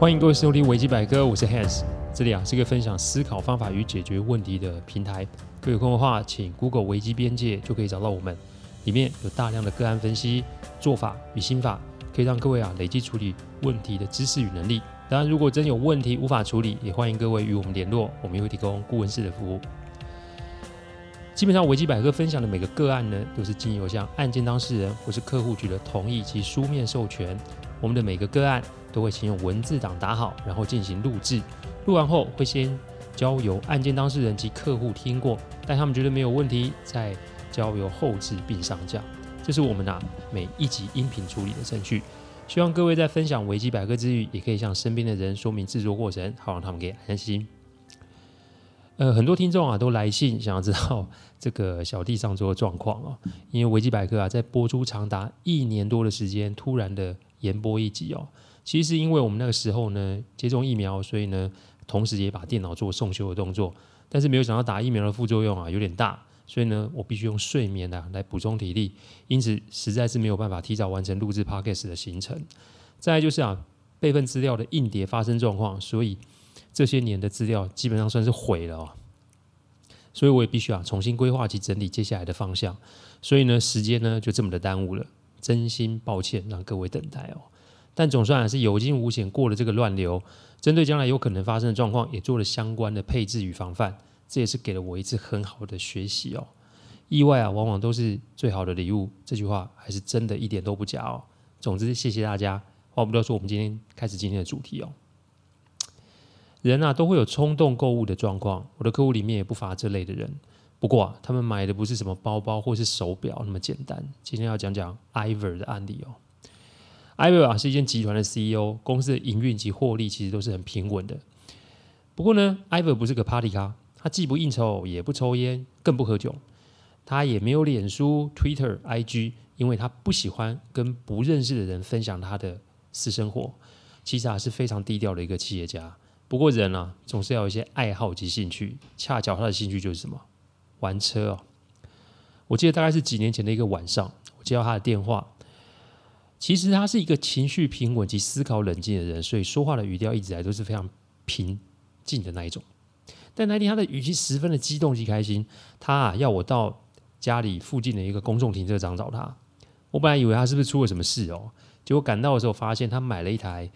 歡迎各位收聽危機百科，我是 Hans，這裡啊是一個分享思考方法與解決問題的平台。各位有空的話，請 Google 危機邊界就可以找到我們，裡面有大量的個案分析、做法與心法，可以讓各位啊累積處理問題的知識與能力。當然，如果真有問題無法處理，也歡迎各位與我們聯絡，我們也會提供顧問式的服務。基本上，危機百科分享的每個個案呢，都是經由像案件當事人或是客戶取得同意及書面授權，我們的每個個案，都會先用文字檔打好，然後進行錄制。錄完後會先交由案件當事人及客戶聽過，但他們覺得沒有問題，再交由後製並上架。這是我們啊每一集音頻處理的程序。希望各位在分享危機百科之餘，也可以向身邊的人說明制作過程，好讓他們給安心。呃，很多聽眾啊都來信想要知道這個小弟上桌的狀況哦、啊，因為危機百科啊在播出長達一年多的時間，突然的延播一集哦。其實因為我們那個時候呢接種疫苗，所以呢同時也把電腦做送修的動作，但是沒有想到打疫苗的副作用啊有點大，所以呢我必須用睡眠啊來補充體力，因此實在是沒有辦法提早完成錄制 Podcast 的行程。再就是啊備份資料的硬碟發生狀況，所以這些年的資料基本上算是毀了哦，所以我也必須啊重新規劃及整理接下來的方向，所以呢時間呢就這麼的耽誤了，真心抱歉讓各位等待哦。但總算還是有驚無險過了這個亂流，針對將來有可能發生的狀況，也做了相關的配置與防範，這也是給了我一次很好的學習哦。意外啊，往往都是最好的禮物，這句話還是真的一點都不假哦。總之，謝謝大家，話不多說，我們今天開始今天的主題哦。人啊，都會有衝動購物的狀況，我的客戶裡面也不乏這類的人，不過啊，他們買的不是什麼包包或是手錶那麼簡單，今天要講講 Ivor 的案例哦。Ivor 啊，是一間集團的 CEO，公司的營運及獲利其實都是很平穩的。不過呢，Ivor 不是個 party 咖，他既不應酬，也不抽煙，更不喝酒。他也沒有臉書、Twitter、IG，因為他不喜歡跟不認識的人分享他的私生活。其實還、啊、是非常低調的一個企業家。不過人啊，總是要有一些愛好及興趣。恰巧他的興趣就是什麼，玩車、啊。我記得大概是幾年前的一個晚上，我接到他的電話。其實他是一個情緒平穩及思考冷靜的人，所以說話的語調一直來都是非常平靜的那一種。但那天他的語氣十分的激動及開心，他啊，要我到家裡附近的一個公眾停車場找他。我本來以為他是不是出了什麼事哦，結果趕到的時候發現他買了一台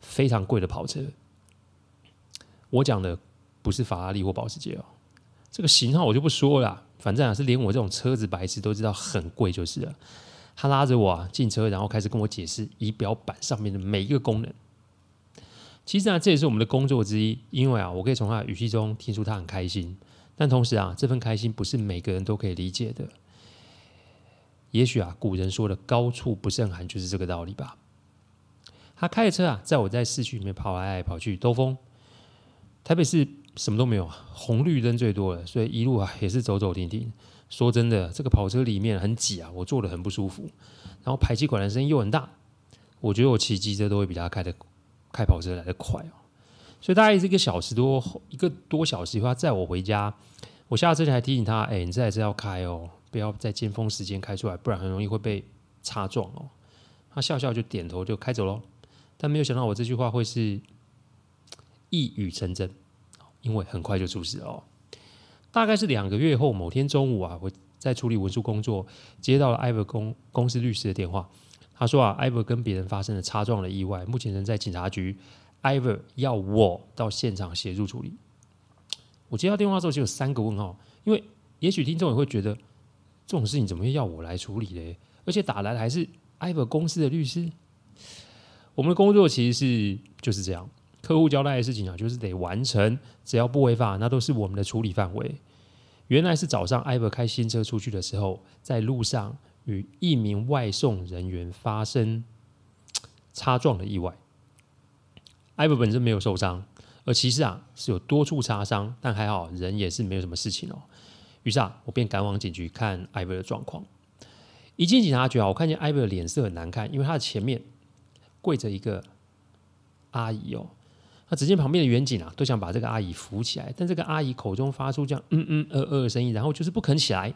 非常貴的跑車。我講的不是法拉利或保時捷哦，這個型號我就不說了啊，反正啊是連我這種車子白痴都知道很貴就是了。他拉着我啊，進車，然後開始跟我解釋儀表板上面的每一個功能。其實啊，這也是我們的工作之一，因為啊，我可以從他的語氣中聽出他很開心。但同時啊，這份開心不是每個人都可以理解的。也許啊，古人說的“高處不勝寒”就是這個道理吧。他開着車啊，在我在市區裡面跑來來跑去兜風。特別是。什麼都沒有，紅綠燈最多了，所以一路啊也是走走停停。說真的，這個跑車裡面很擠啊，我坐得很不舒服，然後排氣管的聲音又很大。我覺得我騎機車都會比他開的開跑車來得快哦。所以大概一個小時多，一個多小時以後他載我回家。我下車前還提醒他：哎，你這還是要開哦，不要在尖峰時間開出來，不然很容易會被擦撞哦。他笑笑就點頭就開走嘍。但沒有想到我這句話會是一語成真。因為很快就出事哦，大概是兩個月後某天中午啊，我在處理文書工作，接到了 Ivor 公公司律師的電話。他說啊，Ivor 跟別人發生了擦撞的意外，目前人在警察局。Ivor 要我到現場協助處理。我接到電話之後就有三個問號，因為也許聽眾也會覺得這種事情怎麼會要我來處理嘞？而且打來的還是 Ivor 公司的律師。我們的工作其實是就是這樣。客戶交代的事情啊，就是得完成。只要不違法，那都是我們的處理範圍。原來是早上 Ivor 開新車出去的時候，在路上與一名外送人員發生擦撞的意外。Ivor 本身沒有受傷，而其實啊是有多處擦傷，但還好人也是沒有什麼事情哦。於是啊，我便趕往警局看 Ivor 的狀況。一進警察局啊，我看見 Ivor 的臉色很難看，因為他的前面跪着一個阿姨哦。那只見旁邊的員警啊，都想把這個阿姨扶起來，但這個阿姨口中發出這樣嗯嗯呃呃的聲音，然後就是不肯起來。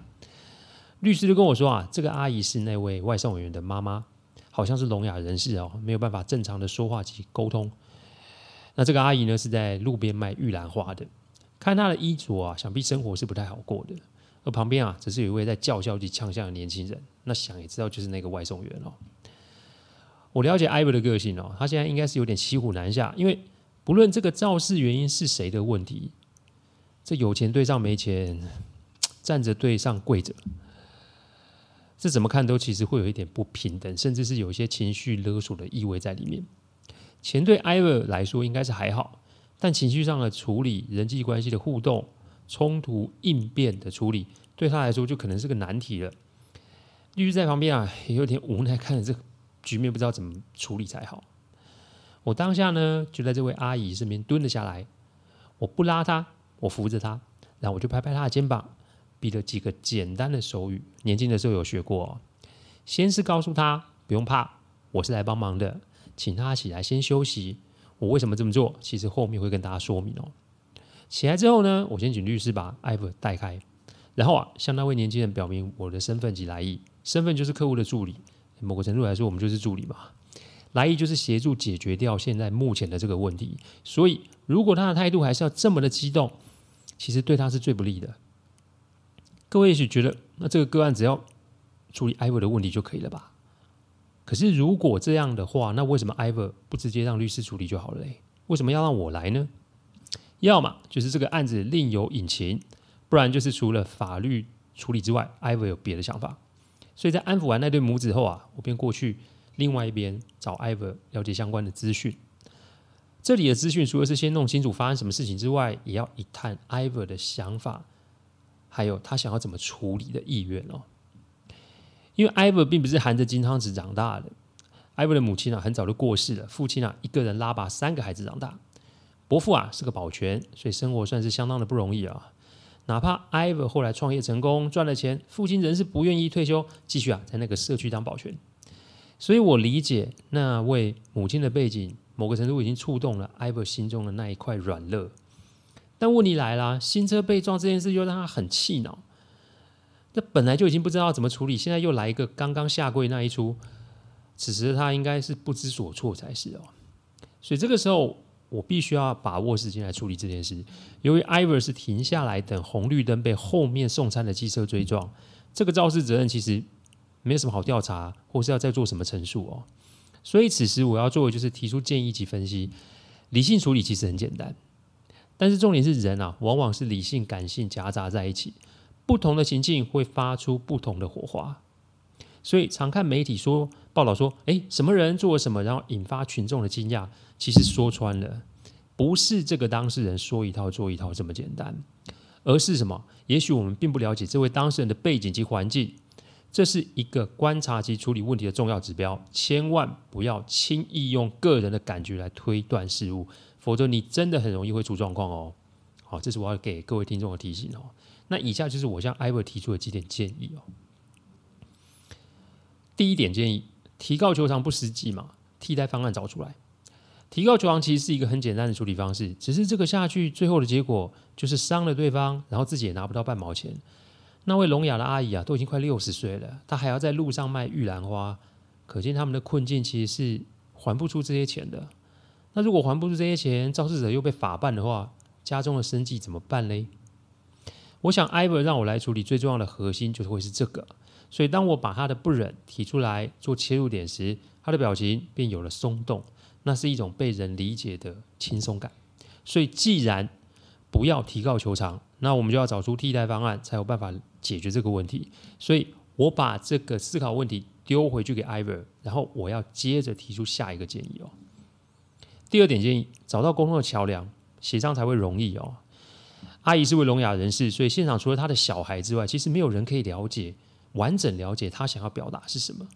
律師就跟我說啊，這個阿姨是那位外送員的媽媽，好像是聾啞人士哦，沒有辦法正常的說話及溝通。那這個阿姨呢，是在路邊賣玉蘭花的，看她的衣着啊，想必生活是不太好過的。而旁邊啊，只是有一位在叫囂及嗆嗆的年輕人，那想也知道就是那個外送員哦。我了解 Ivor 的個性哦，他現在應該是有點騎虎難下，因為。不論這個肇事原因是誰的問題，這有錢對上沒錢，站着對上跪着，這怎麼看都其實會有一點不平等，甚至是有一些情緒勒索的意味在裡面。錢對 Ivor 來說應該是還好，但情緒上的處理、人際關係的互動、衝突應變的處理，對他來說就可能是個難題了。律師在旁邊啊，也有點無奈，看着這個局面，不知道怎麼處理才好。我當下呢，就在這位阿姨身邊蹲了下來。我不拉她，我扶着她，然後我就拍拍她的肩膀，比了幾個簡單的手語。年輕的時候有學過哦，先是告訴她不用怕，我是來幫忙的，請她起來先休息。我為什麼這麼做？其實後面會跟大家說明哦。起來之後呢，我先請律師把阿伯帶開，然後啊，向那位年輕人表明我的身份及來意。身份就是客戶的助理，某個程度來說，我們就是助理嘛。來意就是協助解決掉現在目前的這個問題，所以如果他的態度還是要這麼的激動，其實對他是最不利的。各位也許覺得，那這個個案只要處理 Ivor 的問題就可以了吧？可是如果這樣的話，那為什麼 Ivor 不直接讓律師處理就好了嘞？為什麼要讓我來呢？要麼就是這個案子另有隱情，不然就是除了法律處理之外，Ivor 有別的想法。所以在安撫完那對母子後啊，我便過去。另外一邊找 Iver 了解相關的資訊，這裡的資訊除了是先弄清楚發生什麼事情之外，也要一探 Iver 的想法，還有他想要怎麼處理的意願哦。因為 Iver 並不是含着金湯匙長大的 i v 的母親啊，很早就過世了，父親啊一個人拉拔三個孩子長大，伯父啊是個保全，所以生活算是相當的不容易啊。哪怕 Iver 後來創業成功賺了錢，父親仍是不願意退休，繼續啊在那個社區當保全。所以我理解那位母親的背景，某個程度已經觸動了 Ivor 心中的那一塊軟肋。但問題來了，新車被撞這件事又讓他很氣惱。那本來就已經不知道怎麼處理，現在又來一個剛剛下跪那一出，此時的他應該是不知所措才是哦。所以這個時候我必須要把握時間來處理這件事。由於 Ivor 是停下來等紅綠燈，被後面送餐的機車追撞，嗯，這個肇事責任其實沒有什麼好調查，或是要再做什麼陳述哦。所以此時我要做的就是提出建議及分析。理性處理其實很簡單，但是重點是人啊，往往是理性感性夾雜在一起。不同的情境會發出不同的火花。所以常看媒體說報道說，誒，什麼人做了什麼，然後引發群眾的驚訝。其實說穿了，不是這個當事人說一套做一套這麼簡單，而是什麼？也許我們並不了解這位當事人的背景及環境。這是一個觀察及處理問題的重要指標，千萬不要輕易用個人的感覺來推斷事物，否則你真的很容易會出狀況哦。好，這是我要給各位聽眾的提醒哦。那以下就是我向 Ivor 提出的幾點建議哦。第一點建議，提高求償不實際嘛，替代方案找出來。提高求償其實是一個很簡單的處理方式，只是這個下去最後的結果就是傷了對方，然後自己也拿不到半毛錢。那位聾啞的阿姨啊，都已經快六十歲了，她還要在路上賣玉蘭花，可見他們的困境其實是還不出這些錢的。那如果還不出這些錢，肇事者又被法辦的話，家中的生計怎麼辦嘞？我想，Ivor 讓我來處理最重要的核心，就是會是這個。所以，當我把他的不忍提出來做切入點時，他的表情便有了鬆動，那是一種被人理解的輕鬆感。所以，既然不要提高求償，那我們就要找出替代方案，才有辦法。解決這個問題，所以我把這個思考問題丟回去給 Ivor，然後我要接着提出下一個建議哦。第二點建議，找到溝通的橋梁，協商才會容易哦。阿姨是位聾啞人士，所以現場除了他的小孩之外，其實沒有人可以了解完整了解他想要表達是什麼。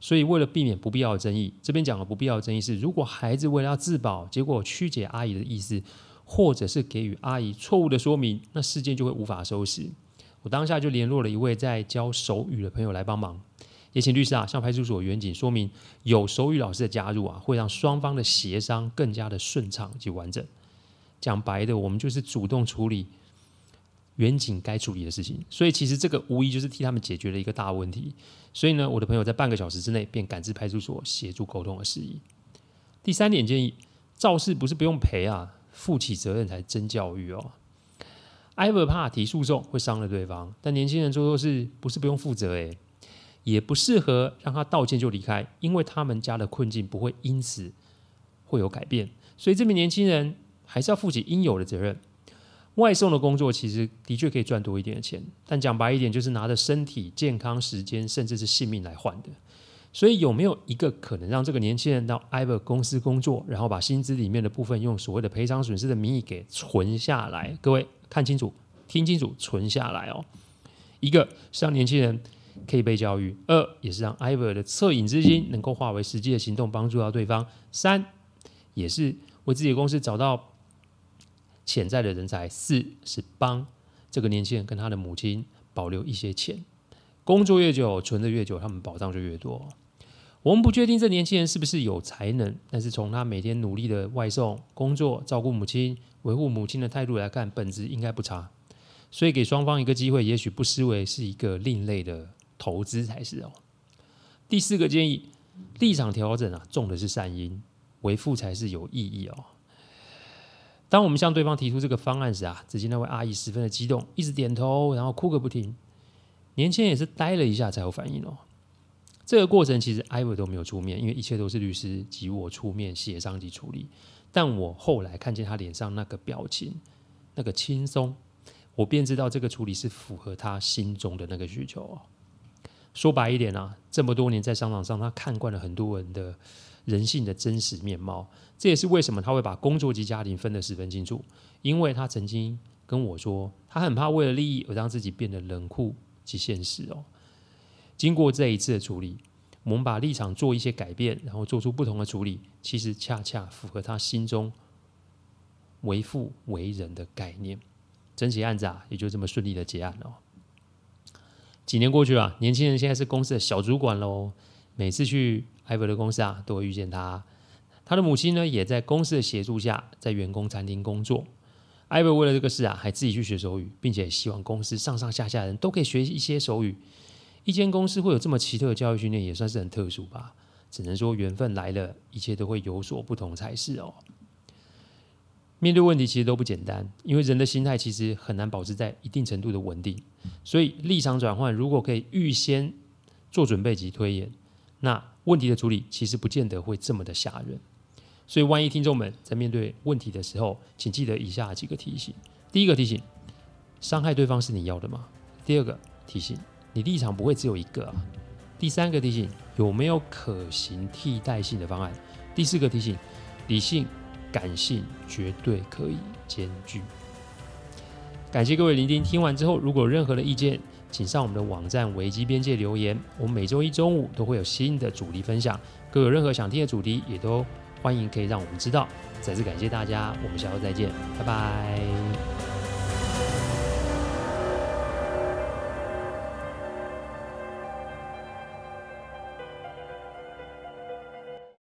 所以為了避免不必要的爭議，這邊講的不必要的爭議是，如果孩子為了要自保，結果曲解阿姨的意思，或者是給予阿姨錯誤的說明，那事件就會無法收拾。我當下就聯絡了一位在教手語的朋友來幫忙，也請律師啊向派出所員警說明有手語老師的加入啊，會讓雙方的協商更加的順暢及完整。講白的，我們就是主動處理員警該處理的事情，所以其實這個無疑就是替他們解決了一個大問題。所以呢，我的朋友在半個小時之內便趕至派出所協助溝通的事宜。第三點建議：肇事不是不用賠啊，負起責任才真教育哦。Ivor 怕提訴訟會傷了對方，但年輕人做錯事不是不用負責欸，也不適合讓他道歉就離開，因為他們家的困境不會因此會有改變，所以這名年輕人還是要負起應有的責任。外送的工作其實的確可以賺多一點的錢，但講白一點，就是拿着身體健康、時間甚至是性命來換的。所以有沒有一個可能讓這個年輕人到 Ivor 公司工作，然後把薪資裡面的部分用所謂的賠償損失的名義給存下來？各位。看清楚，聽清楚，存下來哦。一個是讓年輕人可以被教育，二也是讓 Ivor 的惻隱之心能夠化為實際的行動，幫助到對方。三也是為自己的公司找到潛在的人才。四是幫這個年輕人跟他的母親保留一些錢。工作越久，存得越久，他們保障就越多。我們不確定這年輕人是不是有才能，但是從他每天努力的外送工作，照顧母親，維護母親的態度來看，本質應該不差，所以給雙方一個機會，也許不失為是一個另類的投資才是哦。第四個建議，立場調整啊，重的是善因，為父才是有意義哦。當我們向對方提出這個方案時啊，只見那位阿姨十分的激動，一直點頭，然後哭個不停。年輕人也是呆了一下才有反應哦。這個過程其實 Ivor 都沒有出面，因為一切都是律師及我出面協商及處理。但我後來看見他臉上那個表情，那個輕鬆，我便知道這個處理是符合他心中的那個需求哦。說白一點啊，這麼多年在商場上，他看慣了很多人的人性的真實面貌，這也是為什麼他會把工作及家庭分得十分清楚。因為他曾經跟我說，他很怕為了利益而讓自己變得冷酷及現實哦。經過這一次的處理。我們把立場做一些改變，然後做出不同的處理，其實恰恰符合他心中為父為人的概念。整起案子啊，也就這麼順利的結案了哦。幾年過去啊，年輕人現在是公司的小主管嘍。每次去 Ivor 的公司啊，都會遇見他。他的母親呢，也在公司的協助下，在員工餐廳工作。Ivor 為了這個事啊，還自己去學手語，並且希望公司上上下下的人都可以學一些手語。一間公司會有這麼奇特的教育訓練，也算是很特殊吧。只能說緣分來了，一切都會有所不同才是哦。面對問題其實都不簡單，因為人的心態其實很難保持在一定程度的穩定。所以立場轉換，如果可以預先做準備及推演，那問題的處理其實不見得會這麼的嚇人。所以，萬一聽眾們在面對問題的時候，請記得以下幾個提醒：第一個提醒，傷害對方是你要的嗎？第二個提醒，你立場不會只有一個啊。第三個提醒，有沒有可行替代性的方案？第四個提醒，理性、感性絕對可以兼具。感謝各位聆聽，聽完之後如果有任何的意見，請上我們的網站《危機邊界》留言。我們每週一中午都會有新的主題分享，各位有任何想聽的主題，也都歡迎可以讓我們知道。再次感謝大家，我們下週再見，拜拜。